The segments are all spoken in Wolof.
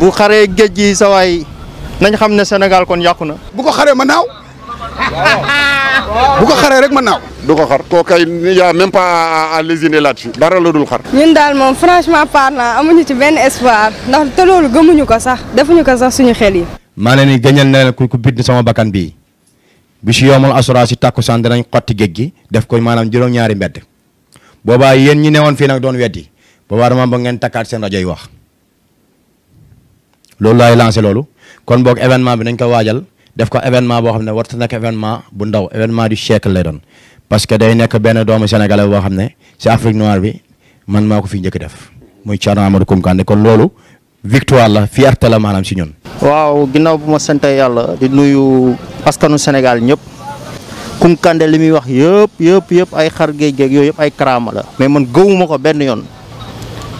bu xaree géej gi sa waay nañ xam ne Sénégal kon yàqu na. bu ko xaree ma naaw. bu ko xaree rek ma naaw. du ko xar koo kay yaa même pas à lésiner là-dessus dara la dul xar. ñun daal moom franchement a amuñu ci benn espoir ndax te loolu gëmuñu ko sax defuñu ko sax suñu xel yi. ni leen di gëñal ne ku ku bind sama bakkan bii bi si yomal assurance yi tàkkusaan danañ xotti géej gi def ko maanaam juróom-ñaari mbedd boobaa yéen ñi newoon fii nag doon weddi boobaa dama ba ngeen seen rajo wax. loolu laay lancé loolu kon boog événement bi nañ ko waajal def ko événement boo xam ne warta nekk événement bu ndaw événement du siècle lay doon parce que day nekk benn doomu sénégalais boo xam ne si Afrique noire bi man maa ko fi njëkk def muy Thierno Amadou Koumkandé kon loolu victoire la fierté la maanaam si ñun. waaw ginnaaw bu ma sant yàlla di nuyu askanu Sénégal ñëpp Koumkandé li muy wax yëpp yëpp yëpp ay xar géej géej yooyu yëpp ay karaama la mais man gëwuma ko benn yoon.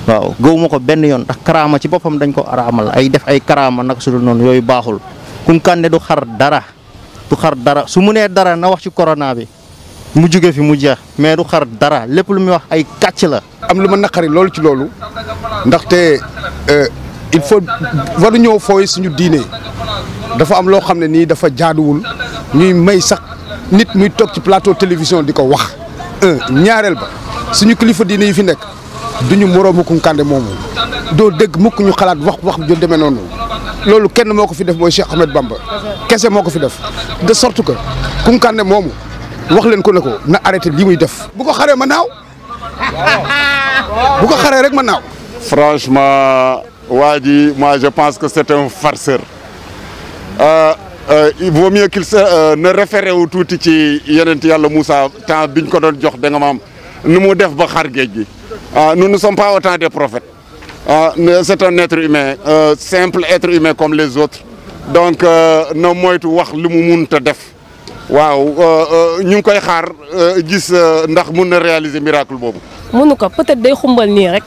waaw gëwuma ko benn yoon ndax karaama ci boppam dañ ko araamal ay def ay karaama nag su dul noonu yooyu baaxul Kounkandé du xar dara du xar dara su mu nee dara na wax ci corona bi mu juge fi mu jeex mais du xar dara lépp lu muy wax ay kàcc la. am lu ma naqari loolu ci loolu ndaxte euh, il faut waruñoo fooy suñu diine dafa am loo xam ne nii dafa jaaduwul ñuy may sax nit muy toog ci plateau télévision di ko wax. un ñaareel ba suñu kilifa diine yi fi nekk. duñu moroomu Kounkandé moomu doo dégg mukk ñu xalaat wax wax ju demee noonu loolu kenn moo ko fi def mooy Cheikh Ahmed Bamba kese moo ko fi def de sorte que Kounkandé moomu wax leen ko ne ko na arrêté lii muy def. bu ko xaree ma naaw bu ko xaree rek ma naaw. franchement waa ji moi je pense que c'est un farceur euh, euh, il euh, ne référé wu tuuti ci yeneen yàlla Moussa temps biñ ko doon jox da nga maam nu mu def ba xar géej gi. Ah, nous ne sommes pas au de des prophètes. Ah, c'est un être humain, simple être humain comme les autres. donc euh, na moytu wax lu mu mun ta def waaw euh, euh, ñu ngi koy xaar gis ndax mun na réaliser miracle boobu. mënu ko peut-être day xumbal nii rek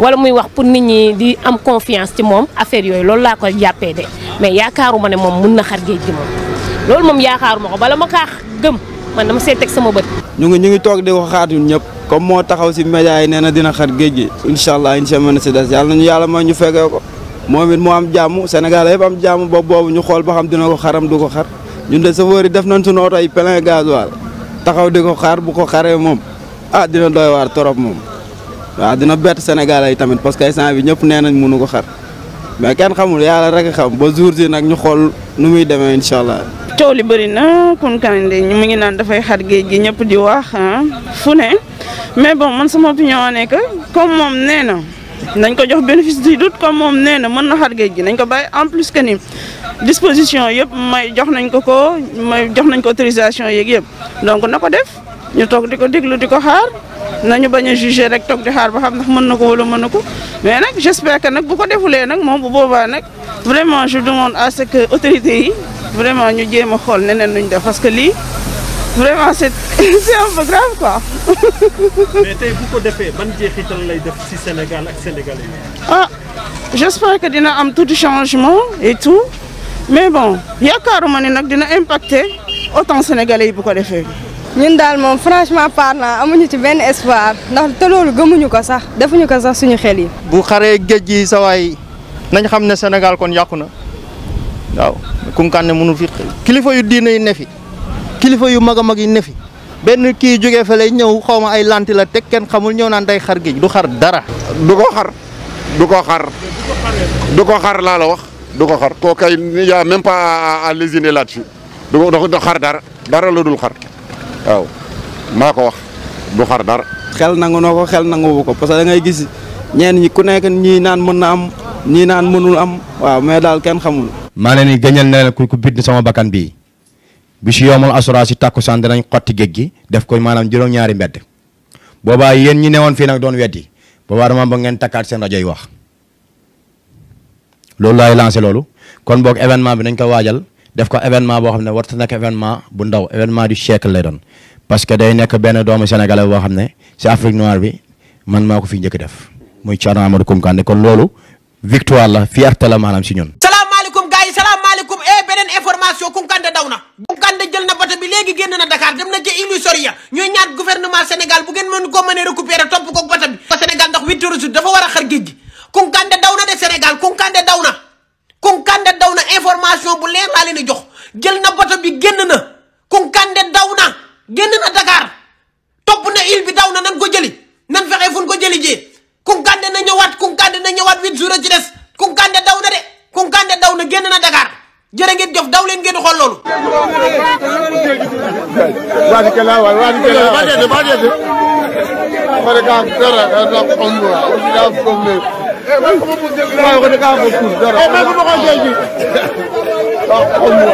wala muy wax pour nit ñi di am confiance ci moom affaire yooyu loolu laa koy jàppee de mais yaakaaruma ne moom mun na xar géej gi moom loolu moom yaakaaruma ko bala ma kaa gëm. man dama see teg sama bët. ñu ñu ngi toog di ko xaar ñun ñëpp comme moo taxaw si média yi nee na dina xar géej gi incha allah incha na ñu des yàlla ñu fekkee ko moom it mu am jàmm Sénégal yëpp am jàmm ba ñu xool ba xam dina ko xaram du ko xar ñun de chauffeur yi def nañ suñu oto yi plein gasoil taxaw di ko xaar bu ko xaree moom ah dina doy waar torop moom waaw dina bett Sénégal yi tamit parce que instant bi ñëpp nee nañ mënu ko xar mais kenn xamul yàlla rek xam ba jour si nag ñu xool nu muy demee incha allah coow li bëri na Kounkandé mu ngi naan dafay xar géej gi ñëpp di wax fu ne mais bon man sama opinion ne nekk comme moom nee na nañ ko jox bénéfice du doute comme moom nee na mën na xar géej gi nañ ko bàyyi en plus que ni disposition yëpp may jox nañ ko ko may jox nañ ko autorisation yeeg donc na ko def ñu toog di ko déglu di ko xaar nañu bañ a jugé rek toog di xaar ba xam ndax mën na ko wala mën na ko mais nag j'espère que nag bu ko defulee nag moom bu boobaa nag vraiment je demande à ce que autorités yi vraiment ñu jéem a xool neneen nuñ def parce que lii vraiment c'est c'est un peu grave quoi. mais tey bu ko defee ban jeexital lay def ci Sénégal ak Sénégalais yi. ah j'espère que dina am tout changement et tout mais bon yaakaaruma ne nag dina impacter autant sénégal yi bu ko defee. ñun daal moom franchement parlant amuñu ci benn espoir ndax te loolu gëmuñu ko sax defuñu ko sax suñu xel yi. bu xaree géej gi sa nañ xam ne Sénégal kon yàqu na. waaw Koukandé mënu fi kilifa yu diine yi ne kilifa yu mag mag yi nefi benn kii jógee fële ñëw xaw ma ay lanti la teg kenn xamul ñëw naan day xar géej du xar dara. du ko xar du ko xar du ko xar laa wax du ko xar koo kay y a même pas à lésiner là-dessus du xar dara dara la dul xar waaw maa ko wax du xar dara. xel nangu noo ko xel nanguwu ko parce que da ngay gis ñeen ñi ku nekk ñii naan mën na am ñii naan mënul am waaw mais daal kenn xamul. maa leen di gëñal ne ku ku bind sama bakkan bii bi si yoomal assurance si tàkkusaan nañ xotti géej gi def ko maanaam juróom-ñaari mbedd boobaa yéen ñi newoon fii nag doon weddi boobaa dama ba ngeen takkaat seen rajo yi wax loolu laay lancé loolu kon boog événement bi nañ ko waajal def ko événement boo xam ne warta nekk événement bu ndaw événement du siècle lay doon parce que day nekk benn doomu sénégalais boo xam ne si Afrique noire bi man maa ko fi njëkk def muy Thierno Amadou Koumkandé kon loolu victoire la fierté la maanaam si ñun léegi génn na Dakar dem na ca Ilusoriya ñooy ñaat gouvernement Sénégal bu ngeen mën koo mënee récupérer topp ko bata bi ko Sénégal ndax huit heures dafa war a xar géej gi Kunkande daw na de Sénégal Kunkande kan na daw na information bu leer laa leen jox jël na bato bi génn na Kunkande daw na génn na Dakar kela wal wadi kela badede badede bare ka dara da kombo o di da kombo e ma ko mo de la ko de ka ko ku dara e ma ko mo ko jeji da kombo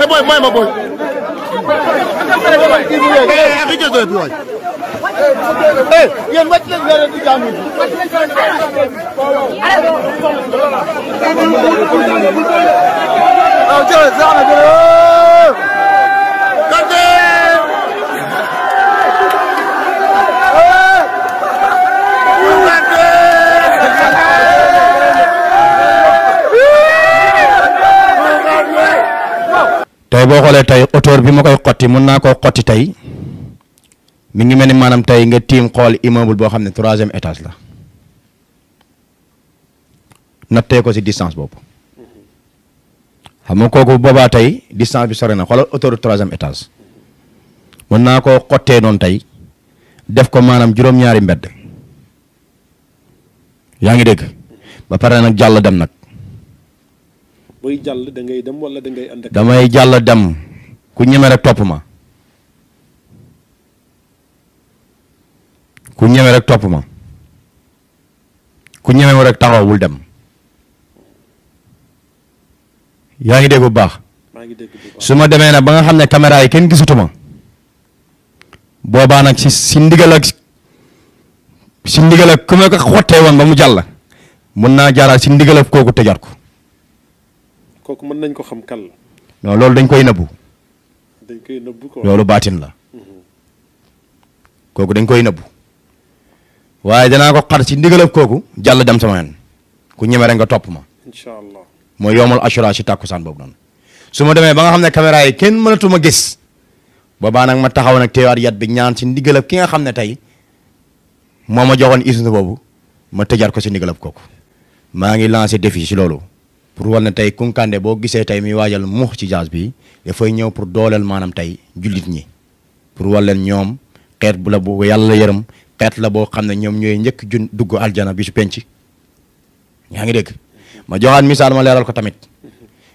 e boy boy ma boy e a ki jeto e boy Hey, yéen wàcc leen yéen di jaamu ji. waaw jërëjëf tey boo xoolee tey auteur bi ma koy xotti mën naa ko xotti tey mi ngi mel ni maanaam tey nga tiim xool immeuble boo xam ne troisième étage la nattee ko ci distance boobu xam nga kooku boobaa tey distance bi sore na xoolal autoroute troisième étage mën naa koo xottee noonu tey def ko maanaam juróom-ñaari mbedd yaa ngi dégg ba pare nag jàll dem nag. booy jàll da dem wala da ngay damay jàll dem ku ñeme rek topp ma ku ñeme rek topp ma ku ñeme rek taxawul dem. yaa ngi dégg bu baax su ma demee nag ba nga xam ne caméra yi kenn gisutuma boobaa nag si si ndigal ak si ndigal ak ko xottee woon ba mu jàll mun naa jaaraat si ndigal kooku tëjaat ko. kooku mën nañ ko xam kan loolu dañ koy nëbbu. dañ loolu baatin la. Mhm. kooku dañ koy nëbbu. waaye danaa ko xar si ndigal kooku jàll dem sama yoon ku ñeme nga topp ma. incha mooy yoomal asura si tàkkusaan boobu noonu su ma demee ba nga xam ne caméra yi kenn mënatuma gis boobaa nag ma taxaw nag teewaat yat bi ñaan si ndigala ki nga xam ne tey moo ma joxoon usine boobu ma tëjaat ko si ndigalab kooku maa ngi lancé défi si loolu pour war na tey Kunkandé boo gisee tey mi waajal muux ci jaas bi dafay ñëw pour dooleel maanaam tey jullit ñi pour war leen ñoom xeet bu la bu yàlla yërëm xeet la boo xam ne ñoom ñooy njëkk jun dugg aljana bi su penc yaa ngi dégg ma joxaat misaal ma leeral ko tamit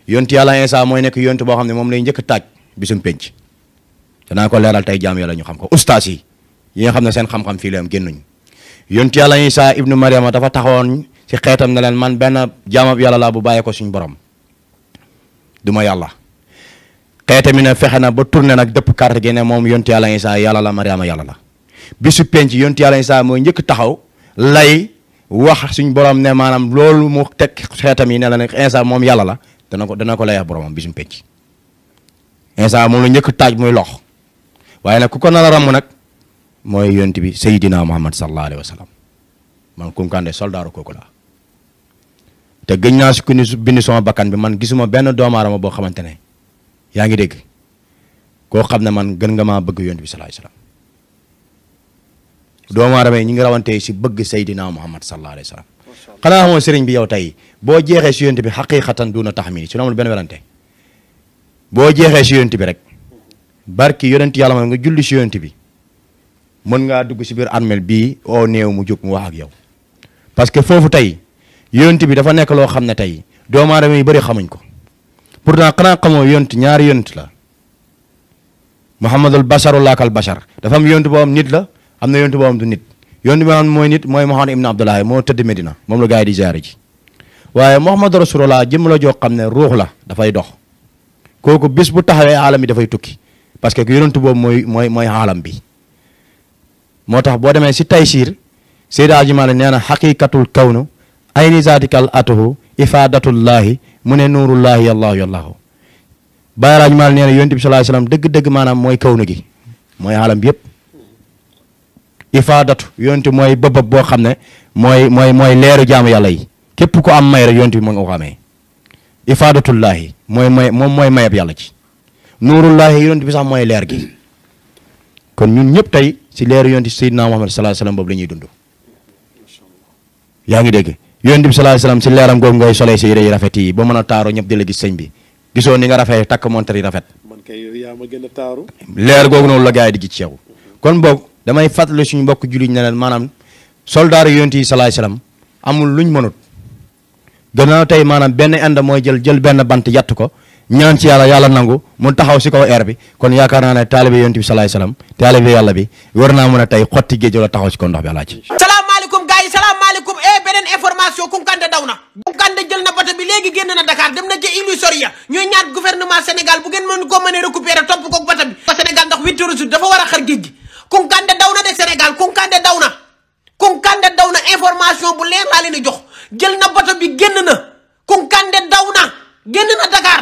yontu yàlla Iisaa mooy nekk yontu boo xam ne moom lay njëkk taaj bisum penc danaa ko leeral tey jaam yàlla ñu xam ko ustaas yi nga xam ne seen xam-xam fii la am génnuñu yontu yàlla Iisaa ibnu Mariama dafa taxawoon ci xeetam ne leen man benn jaamab yàlla laa bu bàyyee ko suñu borom du ma yàlla xeetam mi ne fexe na ba tourné nag dëpp carte gi moom yontu yàlla Iisaa yàlla la Mariama yàlla la bisu penc yontu yàlla Iisaa mooy njëkk taxaw lay wax suñ borom ne maanaam loolu mu teg xeetam yi ne la nag moom yàlla la dana ko dana ko layaa boromam bisum pecc Insa moom la njëkk taaj muy lox waaye nag ku ko nar a nag mooy yonent bi Seydina Muhammad sallallahu alayhi wa sallam man kunkande soldaaru kooku te gëñ naa si ku ni bindi bakkan bi man gisuma benn doomu aadama boo xamante ne yaa ngi dégg koo xam ne man gën nga maa bëgg yonent bi sallallahu alayhi doomu adama yi ñi ngi rawante si bëgg Seydina Muhammad sallallahu alayhi wa sallam xanaa xamoo sëriñ bi yow tey boo jeexee si yonent bi xaqiqatan duuna taxmini su amul benn werante boo jeexee si yonent bi rek barki yonent yàlla ma nga julli si yonent bi mën ngaa dugg si biir armel bii oo néew mu jóg mu wax ak yow parce que foofu tey yonent bi dafa nekk loo xam ne tey doomu adama yi bari xamuñ ko pourtant xanaa xamoo yonent ñaari yonent la Muhammadul Basharul laakal Bashar dafa am yoon boo am nit la am na yonent boo xam du nit yonent bi mooy nit mooy Muhammad ibn Abdullah moo tëdd Medina moom la gars yi di jaare ji waaye Muhammad Rasulullah jëmm la joo xam ne ruux la dafay dox kooku bis bu taxawee aalam bi dafay tukki parce que yonent boobu mooy mooy mooy aalam bi moo tax boo demee si Taysiir Seydi Aji Maalik nee na xaqiqatul kawnu ayni zaatikal atuhu ifaadatullaahi mu ne nuurullaahi yallaahu yallaahu Baay Aji Maalik nee na yonent bi dëgg-dëgg maanaam mooy kawnu gi mooy aalam bi yëpp ifaadatu yonent bi mooy bëbëb boo xam ne mooy mooy mooy leeru jaamu yàlla yi képp ku am may rek yonent bi moo nga ko amee ifaadatullaahi mooy may moom mooy mayab yàlla ci nuurullaahi yonent bi sax mooy leer gi kon ñun ñëpp tey si leeru yonent Seydina Muhammad sallallahu alayhi wasallam boobu la ñuy dund yaa ngi dégg yonent bi sallallahu alayhi si leeram googu ngay solee si yére yi rafet yi ba mën a taaro ñëpp di la gis sëñ bi gisoo ni nga rafet takk montar yi rafet man kay yaa ma a taaru leer googu noonu la gars yi di gis ci yow kon boog damay fàttali suñu bokk jullit ne leen maanaam soldaar yonent yi salaay salaam amul luñ mënut gannaaw tey maanaam benn ànd mooy jël jël benn bant yatt ko ñaan ci yàlla yàlla nangu mu taxaw si kaw air bi kon yaakaar naa ne taalibe yonent bi salaay salaam taalibe yàlla bi war naa mën a tey xotti géej la taxaw si kaw ndox bi alaaj salaamaaleykum gars yi salaamaaleykum e beneen information Kounkandé daw na Kounkandé jël na bato bi léegi génn na Dakar dem na ci ko a récupérer topp ko bato a Kunkande daw na de Sénégal Kunkande daw na Kunkande daw na information bu leer laa leen jox jël na bato bi génn na Kunkande daw na génn na Dakar